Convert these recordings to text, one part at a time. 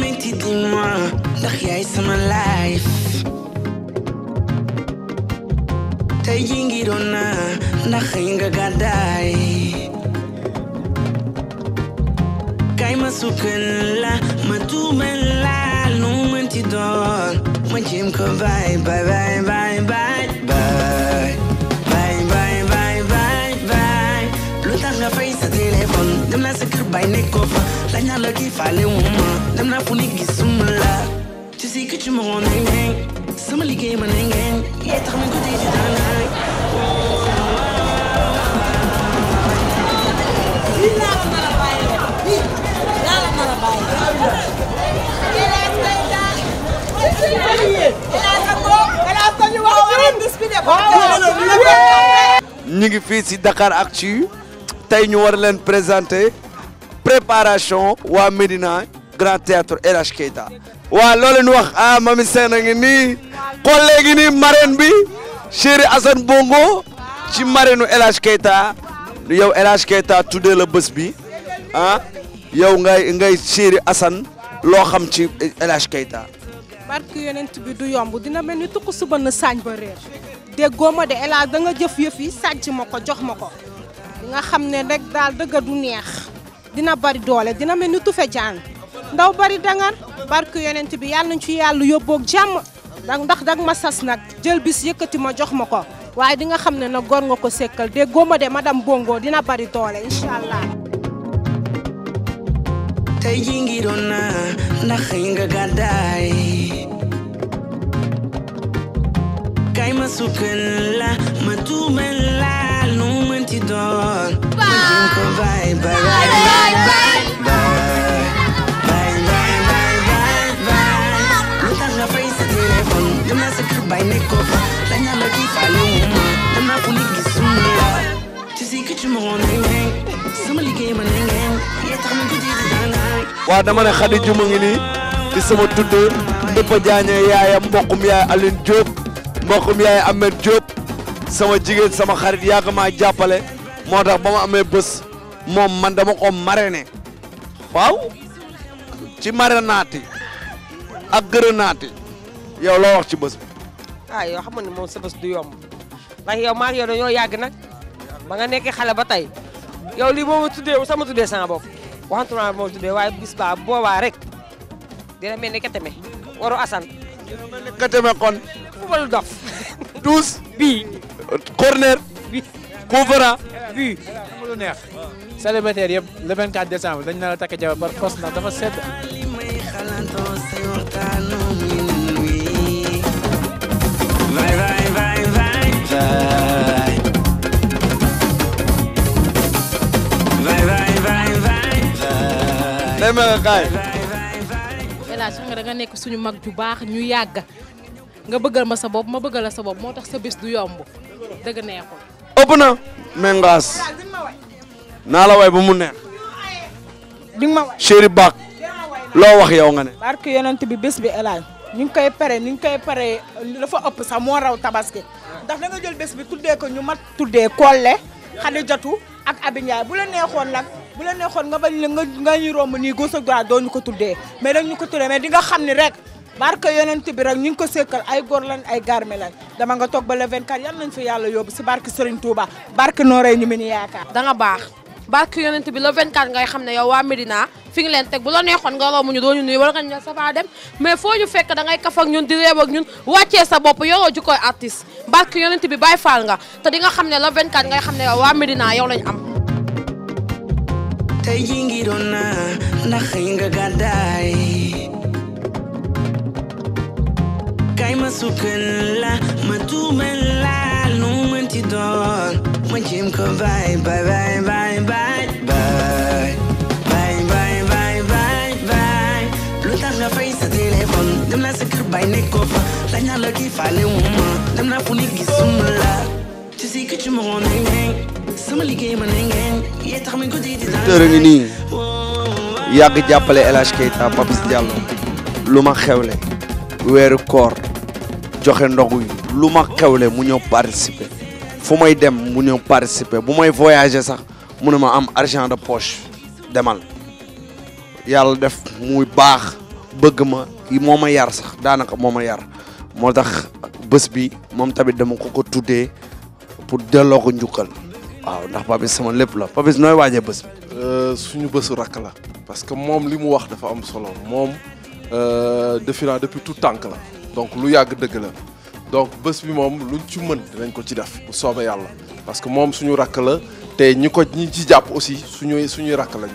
Menti dis-moi, dag jij is mijn lijf? Tey jii ngi doon naa ndax xëy nga gàddaay Kaay ma sukkal la ma tuubal la lu mënti doon ma jéem ko bye bye bye bye bye bye bye bye. baay baay baay lu tax nga fay sa téléphone dem naa sa kër baay nekkoo fa La dernière là qu'il fallait au moins. Même la folie qui somme là. Tu sais que tu me rends ding ding. Sama ligue ma ding ding. Yeah, t'as mon côté du dingue. ñu ngi fii ci Dakar Actu tey ñu war leen présenter préparation waa Médina Grand Théâtre El Hadj Keita waaw nu wax ah Mamy Sène ngi nii xollee ngi nii marraine bi chéri Assane Bongo ci marraine nu El Hadj Keita yow El Hadj la bés bi ah yow ngay ngay chéri loo xam ci El Hadj Keita. barke yonent bi du yomb dina mel ni tukku suba na saañ ba réer déggoo ma de El Hadj jëf yëf yi ma ko jox ma ko nga xam ne rek daal dëgg du neex. dina bari doole dina mel ni tufe jaan ndaw bari dangar barke yonent bi yàlla nañ ci yàlla yóbboog jàmm ndax ndax dag ma sas nag jël bis yëkkati ma jox ma ko waaye di nga xam ne nag gor nga ko sekkal déggoo ma de madame Bongo dina bari doole incha tey jii ngi doon naa ndax nga gàddaay al nu în tidor Mândrim că vai, vai, vai, vai, vai, vai Vai, vai, vai, vai, vai Nu te-am la vrei să telefon Dă-mi să cât bai necova La ea la chifa lumă Dă-mi la puni ghisumă Tu zici că ce mă onengen Să mă ligei mă nengen E tămi cu tine danai Waa dama ne xadi ju mu ngi nii di sama tudd dëpp jaañe yaayam mbokkum yaay Aline Diop mbokkum yaay Ahmed Diop sama jigéen sama xarit yàgg ma jàppale moo tax ba ma amee bës moom man dama ko marraine waaw ci marrainaati ak gërënaati yow loo wax ci bës bi. ah yow xam nga ne moom sa bés du yomb ndax yow maa ngi yow dañoo yàgg nag ba nga nekkee xale ba tey yow lii moo ma tuddee sama tuddee sama bopp waxantuma moo tuddee waaye bis baa boobaa rek dina mel ni keteme waru asan. dina mel ni keteme kon. dof. douze bii. corner. coup franc. fii amul lu neex. célibataire yëpp le 24 décembre dañ na la takk jabar par force ndax dafa sedd. démb kaay. hélas nga da nga nekk suñu mag ju baax ñu yàgg nga bëggal ma sa bopp ma bëggal la sa bopp moo tax sa bés du yomb. dëgg neexul. ëpp na. mengaas naa la way ba mu neex. di ma way chéri baak loo wax yow nga ne. barke yonent bi bés bi El Hadj ñu ngi koy pare ni ñu koy pare dafa ëpp sax moo tabaski ndax da nga jël bés bi tuddee ko ñu mat tuddee Kole jotu ak Abi Ndiaye bu la neexoon nag bu la neexoon nga bañ nga nga ñu romb nii góosu droit doo ñu ko tuddee mais dañ ñu ko tuddee mais di nga xam ni rek. barke yonent bi rek ñu ngi ko sekkal ay góor lañ ay garmi lañ dama nga toog ba le 24 yal nañ fi yàlla yoobu si barke Serigne Touba barke Nooray ñu mën yaakaar. da nga baax barke yonent bi le 24 ngay xam ne yow waa Medina fi nga leen teg bu la neexoon nga romb ñu doo ñu nuyu wala nga ñu sa faa dem mais foo ñu fekk da ngay kaf ak ñun di réew ak ñun wàccee sa bopp yoroo jukkooy artiste barke yonent bi bàyyi faal nga te di nga xam ne le 24 ngay xam ne yow waa Medina yow lañ am. tey jii ngi doon naa ndax nga gàddaay mwen souken la Mwen Tu tu joxe ndogu yi lu ma xewle mu ñëw participer fu may dem mu ñëw participer bu may voyager sax mu ne ma am argent de poche demal yàlla def muy baax bëgg ma moo ma yar sax daanaka moo ma yar moo tax bés bi moom tamit dama ko ko tuddee pour delloo ko njukkal waaw ndax Papis sama lépp la Papis nooy waajee bés bi euh, suñu bésu rakk la parce que moom li mu wax dafa am solo moom euh, defi naa depuis tout tànk la donc lu yàgg dëgg la donc bés bi moom luñ ci mën dinañ ko ci def bu soobee yàlla parce que moom suñu rakk la te ñi ko ñi ci jàpp aussi suñuy suñuy rakk lañu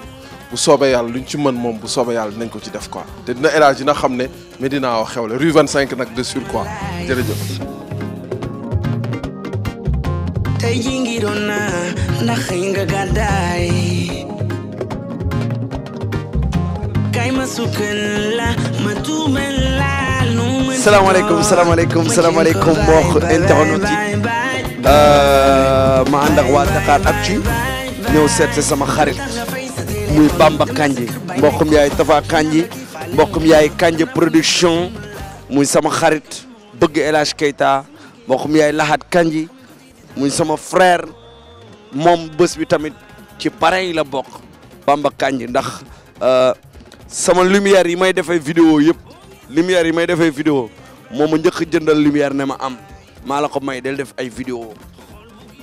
bu soobee yàlla luñ ci mën moom bu soobee yàlla dinañ ko ci def quoi te dina El Hadj dina xam ne Médina wax xew la rue 25 nag de sur quoi jërëjëf. tey jii ngi kay ma sukkal la ma tuumal la salaamaaleykum salaamaaleykum salaamaaleykum mbokk internet yi euh, ma ànd ak waa Dakar Actu ñëw seet sama xarit muy Bamba Kanji mbokkum yaay Tafa Kanji mbokkum yaay Kanji production muy sama xarit bëgg El Hadj Keita mbokkum yaay Lahat Kanji muy sama frère moom bés bi tamit ci parrain la bokk Bamba Kanji ndax euh, sama lumière yi may defee vidéo yëpp. lumière yi may defee vidéo moo ma njëkk jëndal lumière ne ma am maa la ko may del def ay vidéo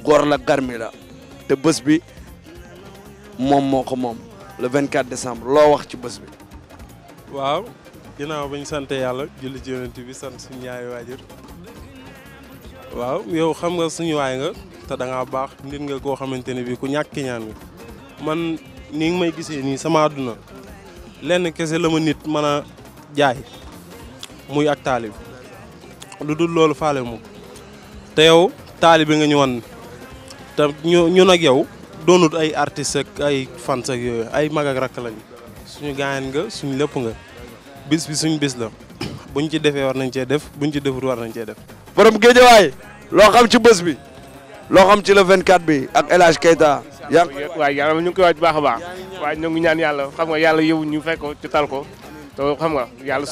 góor la garmi la te bés bi moom moo ko moom le 24 décembre loo wax ci bés bi waaw ginnaaw bañ sant yàlla julli ci bi sant suñu ñaari waajur yow xam nga suñu waay nga te da baax nit nga koo xamante ne bi ku ñàkk ñaan nga man ni nga may gisee nii sama àdduna lenn kese la ma nit mën a jaay muy ak taalib lu dul loolu faale mu te yow taalib bi nga ñu wan te ñu ñun ak yow doonut ay artiste ak ay fans ak ay mag ak rakk lañu suñu gaañan nga suñu lépp nga bis bi suñu bis la buñ ci defee war nañ cee def buñ ci defut war nañ cee def. borom géejawaay loo xam ci bës bi loo xam ci la le 24 bi ak El Hadj Keita. yaa waaye yàlla ñu ngi koy waaj bu baax a baax waaye ñoo ngi ñaan yàlla xam nga yàlla yow ñu fekk ci tal ko xam nga yàlla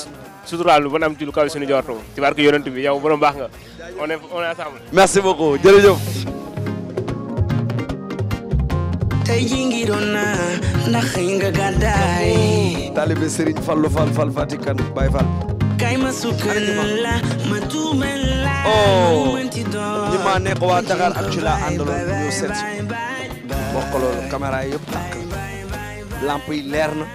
suturaal nu ba am ci lu kaw suñu ci barke yonent bi yow borom nga merci beaucoup jërëjëf. tey jii ngi doon naa ndax xëy nga gàddaay. taalibe Serigne Fallou Fall Fall Fatick kay ma sukkal ma la. Oh, ma nekk waa Dakar ak ci laa àndaloon ñu seet si. bokk loolu caméra yi yëpp leer na.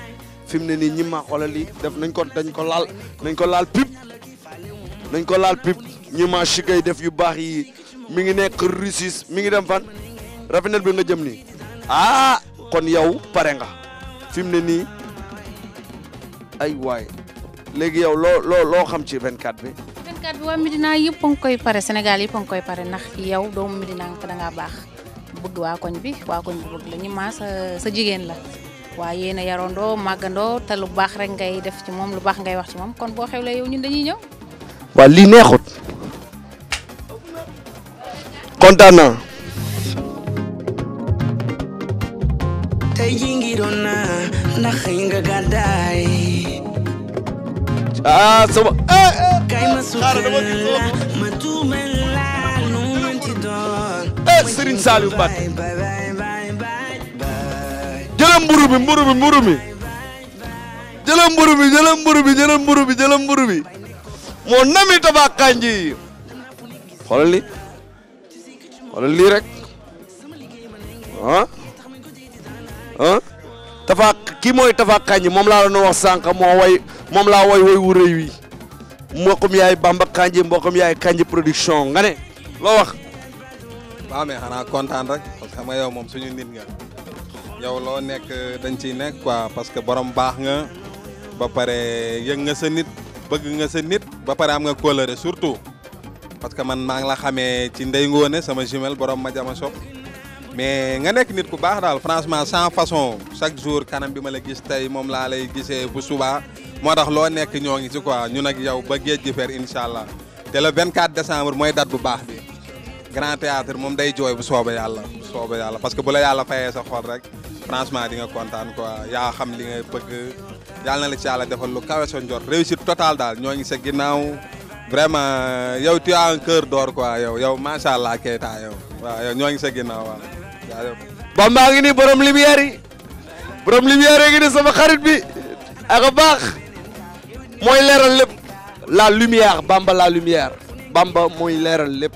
fim neni ne nii ñi ma xoolal nengkolal, def nañ ko dañ ko laal nañ ko laal pip nañ ko laal pip ñi ma gay, def yu bax yi mi ngi nekk russis mi ngi dem fan rafinel bi nga jëm ni ah kon yow paré nga fi ne ay way legi yow lo lo lo xam ci 24 bi. 24 bi waa Medina yëpp a ngi koy paré Sénégal yëpp a ngi koy paré ndax yow doomu Medina nga da nga bax bëgg wa koñ bi wa koñ bëgg la ñi ma sa sa la. waa yéen a yarandoo màggandoo te lu baax rek ngay def ci moom lu baax ngay wax ci moom kon boo xewlee yow ñun dañuy ñëw. waaw lii neexut kontaan naa. tey jii ngi doon naa nga gàddaay. Ah, eh, eh. ma sukkal laa lu mu ci Jalan buru bi buru bi buru bi Jalan buru bi jalan buru bi jalan buru bi jalan buru bi moo nami tabax kanji kalau li kalau li rek ah ah tafa kimo mooy kanji moom laa no wax sànq way way way wu rëy wi bamba kanji mbokum yaay kanji production nga ne wax. waaw rek parce suñu nit nga yow lo nek dañ ci pas quoi parce que borom bax nga ba paré yëg nga sa nit bëgg nga sa nit ba paré am nga coloré surtout parce que man ma nga la ci ndey ngone sama jumel borom ma jama sob mais nga nek nit ku bax dal franchement sans façon chaque jour kanam bima la gis tay mom la lay gisé bu suba moo tax loo nekk ñoo ngi ci quoi ñun ak yow ba gëj di faire inshallah té le 24 décembre moy date bu bax bi grand théâtre mom day joy bu soba yalla bu yalla parce que bu la yalla fayé sa xol rek franchement di nga kontaan quoi yaa xam li nga bëgg yàlla na la ci yàlla defal lu kawe sa njor réussite totale daal ñoo ngi sa ginnaaw vraiment euh, yow tu as un cœur d'or quoi yow yow macha allah Keita yow waaw yow ñoo ngi sa ginnaaw waaw jaajëf. Bamba ngi nii borom lumière yi borom lumière yi ngi sama xarit bi ak baax mooy leeral lépp la lumière Bamba la lumière Bamba mooy leeral lépp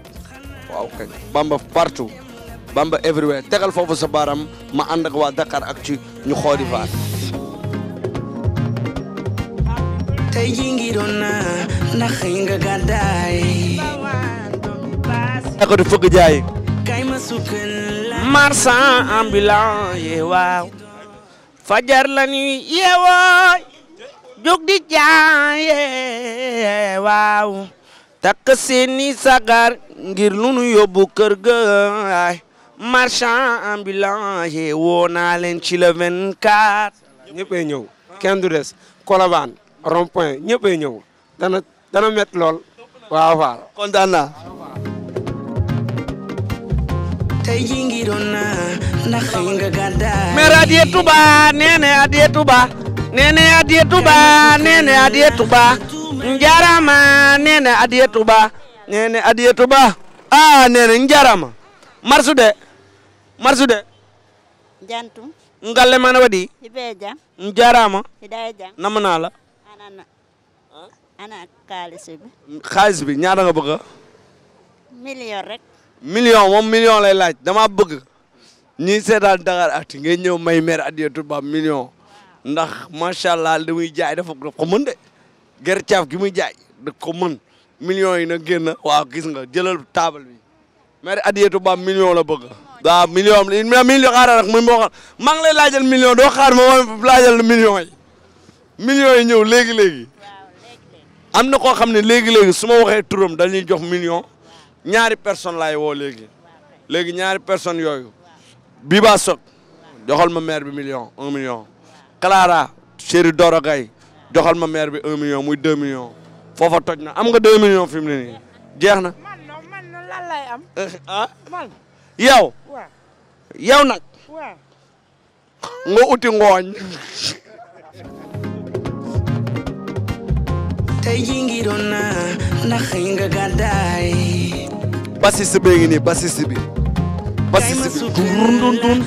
waaw kay Bamba partout. Bamba everywhere tegal fofu sa baram ma and ak wa Dakar ak ci ñu xooli faat tay jii ngi doon naa ndax xëy nga gaday ako di fëgg jaay kay ma sukkal marchand ambulant yeewaaw fajar la ni yeewooy jóg di jaay waaw tak seni sagar ngir lu nu yóbbu kër ga ay marchand ambulant ye woo naa leen ci le 24. ñëppay ñëw kenn du des Colobane rond point ñëppay ñëw dana dana met lool waaw waaw kontaan naa. tey jii ngi doon naa ndax nga gàddaa. mère Adié Touba nee na Adié Touba. nee na Adié Touba nee na Adié Touba. njaarama nee na Adié Touba. nee na Adié Touba ah nee na njaarama marsu de. marsude jantum ngalle mana wadi Ibeja. jam njarama Idaeja. namana la anana ana khalis bi khalis bi ñaata nga bëgg million rek million mom million lay laaj dama bëgg ñi sétal dakar at ngeen ñew may mère adiyatu ba million ndax macha allah li muy jaay dafa ko mën de ger tiaf gi muy jaay da ko mën million yi na genn waaw gis nga jëlal table bi mère adiyatu ba million la bëgg waaw million am na million xaaral rek maa lay laajal million doo xaar ma ma laajal million yi million yi ñëw léegi léegi. am na koo xam ne léegi léegi su ma waxee turam dañuy jox million ñaari personne lay woo léegi léegi ñaari personne yooyu bii baa soog joxal ma maire bi million un million Clara chéri Doro Gaye joxal ma maire bi un million muy deux millions foofa toj na am nga deux million fi mu ne nii jeex na. yow. yow nag. nga uti ngooñ. tey jii ngi doon naa ndax xëy nga gàddaay. bassiste bee ngi nii bassiste bi. bassiste bi dundundun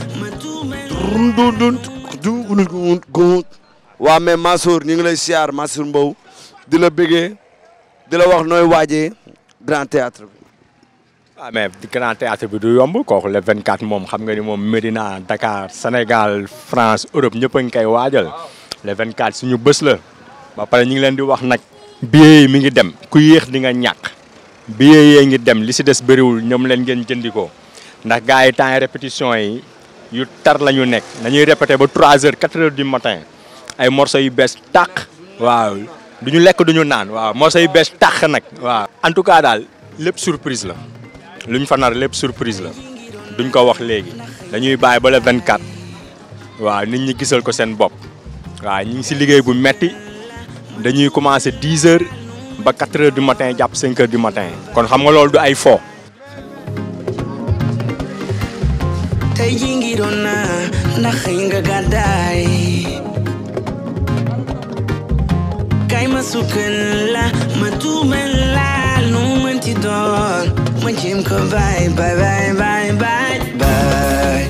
dundundun dundundun. waa mais Mansour ñu ngi lay siyaar Mansour Mbow di la bëggee di la wax nooy waajee grand théâtre bi. Ame ah, di grand théâtre bi du yomb kooku le 24 mom xam nga ni moom Médina Dakar France Europe ñëpp a ngi koy waajal le 24 suñu bés la ba pare ñu ngi leen di wax nag billet yi mi ngi dem ku yéex di nga ñàkk billet yee ngi dem li si des bëriwul ñoom leen ngeen jëndikoo ndax gars yi temps répétition yi yu tar la ñu nekk dañuy répété ba 3 heures 4 heures du matin ay morceaux yu bees tàq waaw du ñu lekk du waaw morceaux yu bees tàq nag waaw en tout cas surprise la lu ñu lépp surprise la duñ ko wax léegi dañuy bàyyi ba le 24 waaw nit ñi gisal ko seen bopp waaw ñu ngi si liggéey bu metti dañuy commencé 10 heures ba 4 heures du matin jàpp 5 heures du matin kon xam nga loolu du ay fo. Mình chim khô vai Bye bye bye bye bye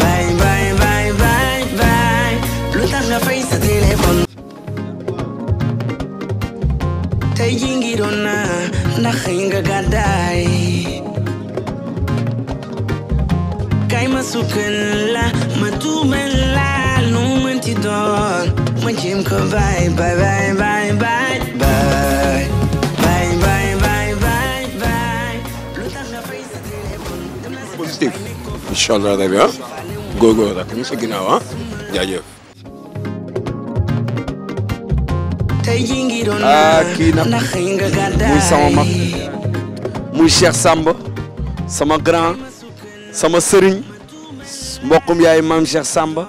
Bye bye bye bye bye Luôn tăng là face sa telephone Thấy dinh ghi đồ à, na Đã khánh gà gà đài Cái mà su cần là Mà tu bên là Lúc mình thì đòn Mình chim khô bye Bye bye bye bye incha allah rabi ah góorgóor sa ginnaaw ah jaajëf. ah kii sama Cheikh Samba. sama grand sama serigne yaay Cheikh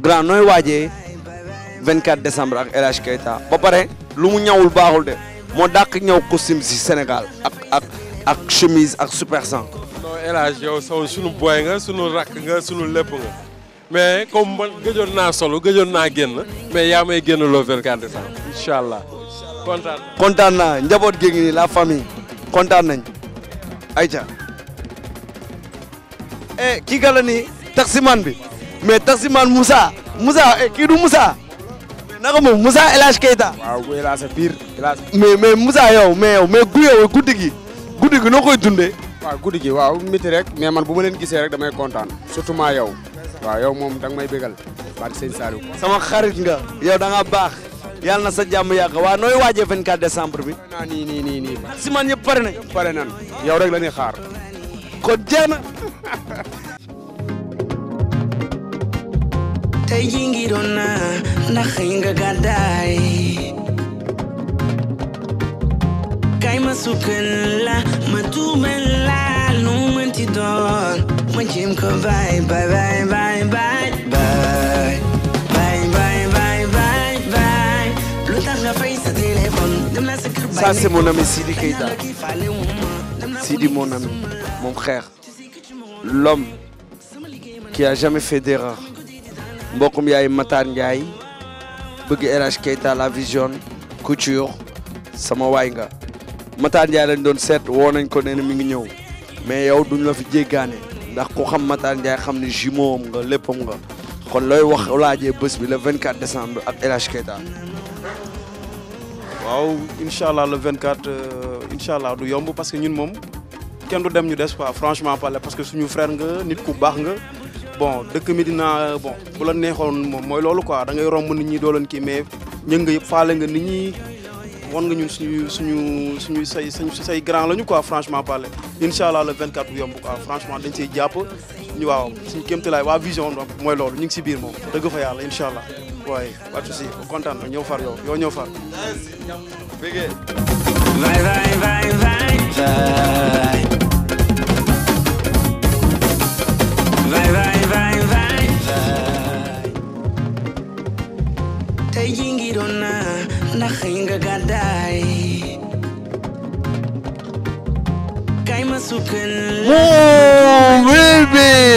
grand 24 décembre ak El Keita ñawul de Sénégal ak chemise ak super sang. non El Hadj yow sunu booy nga sunu rakk nga sunu lépp nga mais comme man gëjoon naa solo gëjoon naa génn mais yaa may génn loo 24 décembre incha allah. kontaan naa njaboot gi nii la famille kontaan nañ ayca. eh kii gala nii taximan bi mais taximan Moussa Moussa eh kii du Moussa naka moom Moussa El Hadj Keita. mais mais Moussa yow mais yow mais gu yow guddi gi guddi gi noo koy dundee. waaw guddi gi waaw miti rek mais man bu ma leen gisee rek damay kontaan surtout maa yow waaw yow moom may bégal baat sëñ Saliou sama xarit nga yow da nga baax yàlla na sa jàmm yàgg waaw nooy waajee 24 décembre bi naa nii nii nii nii si man ñëpp pare nañ pare nañ yow rek la ñuy xaar jeex na tey ngi doon naa ndax nga gàddaay Ça, c'est mon ami Sidi Keita. Sidi, mon ami, mon frère. L'homme qui a jamais fait d'erreur. Mbokum yaay Matan Yaye, Bug RH Keita, La Vision, Couture, Sama Matar Ndiaye lañ doon set wo nañ ko nee mi ngi ñew mais yow duñ la fi jéggaane ndax ko xam Matar Ndiaye xam ni jumeau nga léppam nga kon looy wax laajee bés bi le 24 décembre ak El Hadj Keita waaw inshallah le 24 euh, incha du yomb parce que ñun moom kenn du dem ñu des quoi franchement parler parce que suñu frère nga nit ku baax nga bon dëkk Médina bon bu la neexoon moom mooy loolu quoi da ngay romb nit ñi dooleen kii mais ñëng nga yëpp faale nga nit ñi. wan nga ñun suñu suñu suñu say say grand lañu quoi franchement parler incha allah le 24 bu yomb quoi franchement dañ siy jàpp ñu waaw suñu kéemtalaay waa vision mooy loolu ñu ngi si biir moom dëgg fa yàlla incha allah waaye pas de souci kontaan na ñëw far yow yow ñëw far.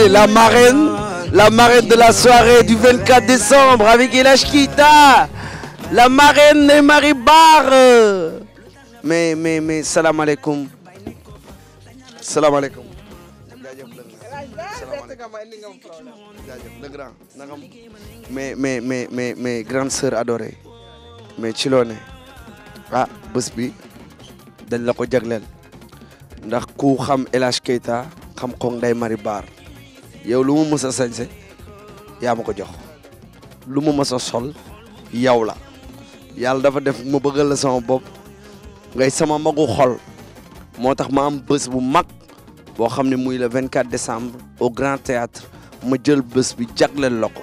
la marraine, la marraine de la soirée du 24 décembre avec Elashkita, la marraine de Maribar. Mais, mais, mais, salam alaikum. Salam alaikum. Mais, mais, mais, mais, grande adorée. mais ci loo ne ah bés bi dañ la ko jagleel ndax ku xam El Hadj Keita xam ko Ndeye Marie Baar yow lu mu mës a sañse yaa ma ko jox lu mu mës a sol yow la yàlla dafa def ma bëggal sama bopp ngay sama magu xol moo tax ma am bés bu mag boo xam ne muy le 24 décembre au Grand Théâtre ma jël bés bi jagleel la ko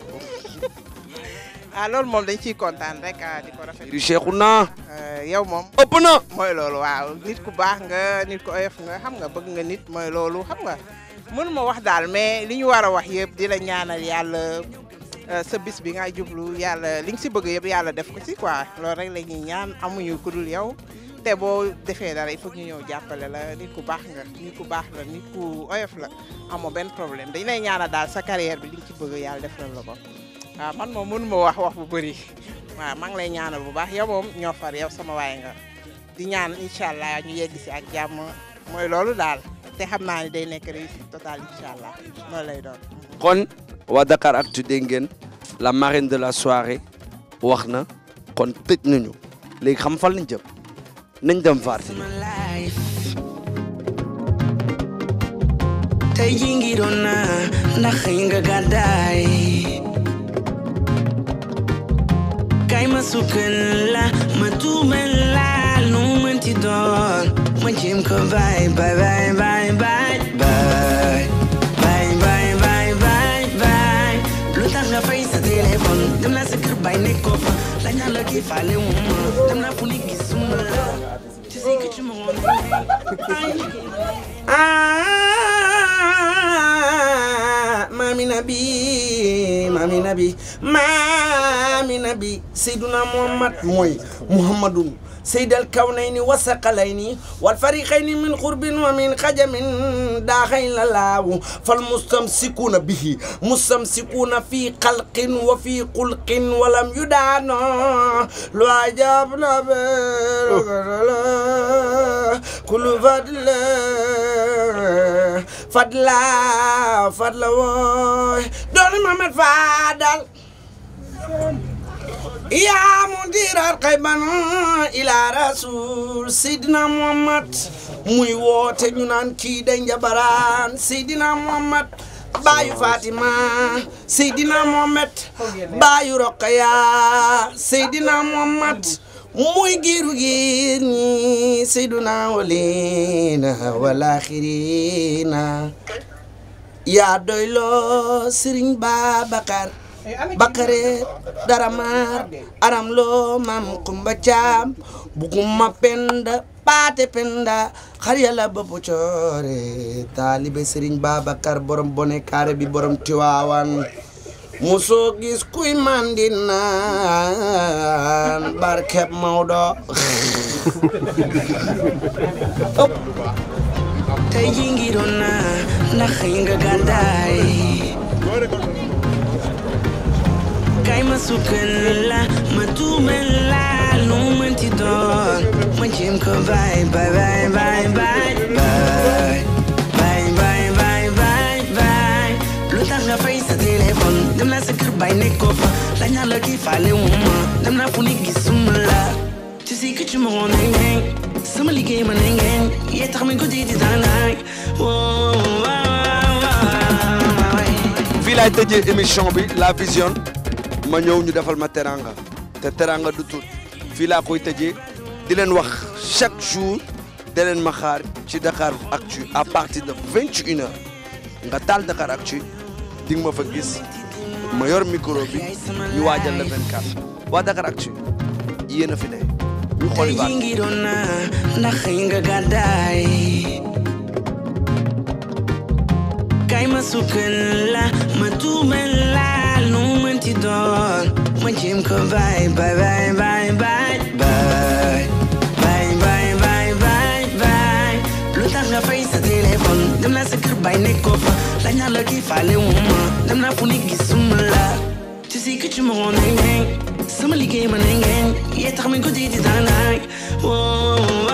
ah loolu moom dañ ciy kontaan rek ah, di ko rafet. richeeku naa. Euh, yow moom. ëpp na. mooy loolu waaw nit ku baax nga nit ku oyof nga xam nga bëgg nga nit mooy loolu xam nga mën ma wax daal mais li ñu war a wax yëpp di la ñaanal yàlla euh, sa bis bi nga jublu yàlla li nga si bëgg yëpp yàlla def ko si quoi loolu rek la ñuy ñaan amuñu ku dul yow. te boo defee dara il faut ñu ñëw jàppale la nit ku baax nga nit baax la nit ku oyof la amoo benn problème dañ lay ñaanal daal sa carrière bi li nga ci bëgg yàlla defal la ko. waaw man moom mënu wax wax bu bëri maa ngi lay ñaanal bu baax yow moom ñoo far yow sama waay nga di ñaan incha allah ñu yegg si ak jàmm mooy loolu daal te xam naa ne day nekk réussite totale incha allah lay doon. kon waa Dakar ak tuddee ngeen la marraine de la soirée wax na kon tëj nañu léegi xam fan lañ jëm nañ dem vaarti. tey jii ngi kai masu kalla matuman lalu manti don majim ka bye bye vai, vai, vai Vai, vai, vai, vai, vai, vai lutan ga fai sa telefon dem ah, na sikir la fale dem maami nabi maami نبي سيدنا محمد موي محمد سيد الكونين وسقلين والفريقين من قرب ومن خجم داخل الله فالمستمسكون به مستمسكون في قلق وفي قلق ولم يدعنا لو لعجبنا كل فضل فضل فضل دون محمد فاضل العدل يا مدير القيبان إلى رسول سيدنا محمد muy woote ñu naan kii day njabaraan Seydina Mohamed baayu Fatima Seydina Mohamed baayu Roqaya Seydina Mohamed muy giiru giir ñi Seydina walina walaxirina yaa doy loo sëriñ Babacar eh, Bakare Daramar Aram loo maam Kumba Caam Buguma Penda Paate Penda xar yàlla bopp coore taalibe sëriñ Babacar borom bone kaare bi borom Tiwaawan musoo gis kuy mandi naan barkeb Maodo tayingirona nahinga gandai kai masukanla matumela lumentidor manjim ko bye bye bye bye bye bye Lutanga face telephone, them na secure by neck cover. Lanya lucky file woman, them na funny gisumla. si que tu me rends ding ding. Sama ligue ma ding ding. Ye tar me godi di danai. fii laay émission bi La Vision ma ñëw ñu défal ma teranga té teranga du tout fii laa koy tëjee di len wax chaque jour da leen ma xaar ci Dakar Actu à partir de 21h nga taal Dakar Actu di ma fa gis ma yor micro bi ñu waajal le 24 wa Dakar Actu yéen a fi né Utengingirona nahengagadai Kaimasukanla matumela numentidor Majimko bye bye bye bye bye bye Bye bye bye bye bye Lutanga la sekir bay nekofa La nyala ki fale wuma Dem la funi gisumla Tu sais que tu me rends dingue Somebody gave my name, yeah, I'm a good day, design. Whoa.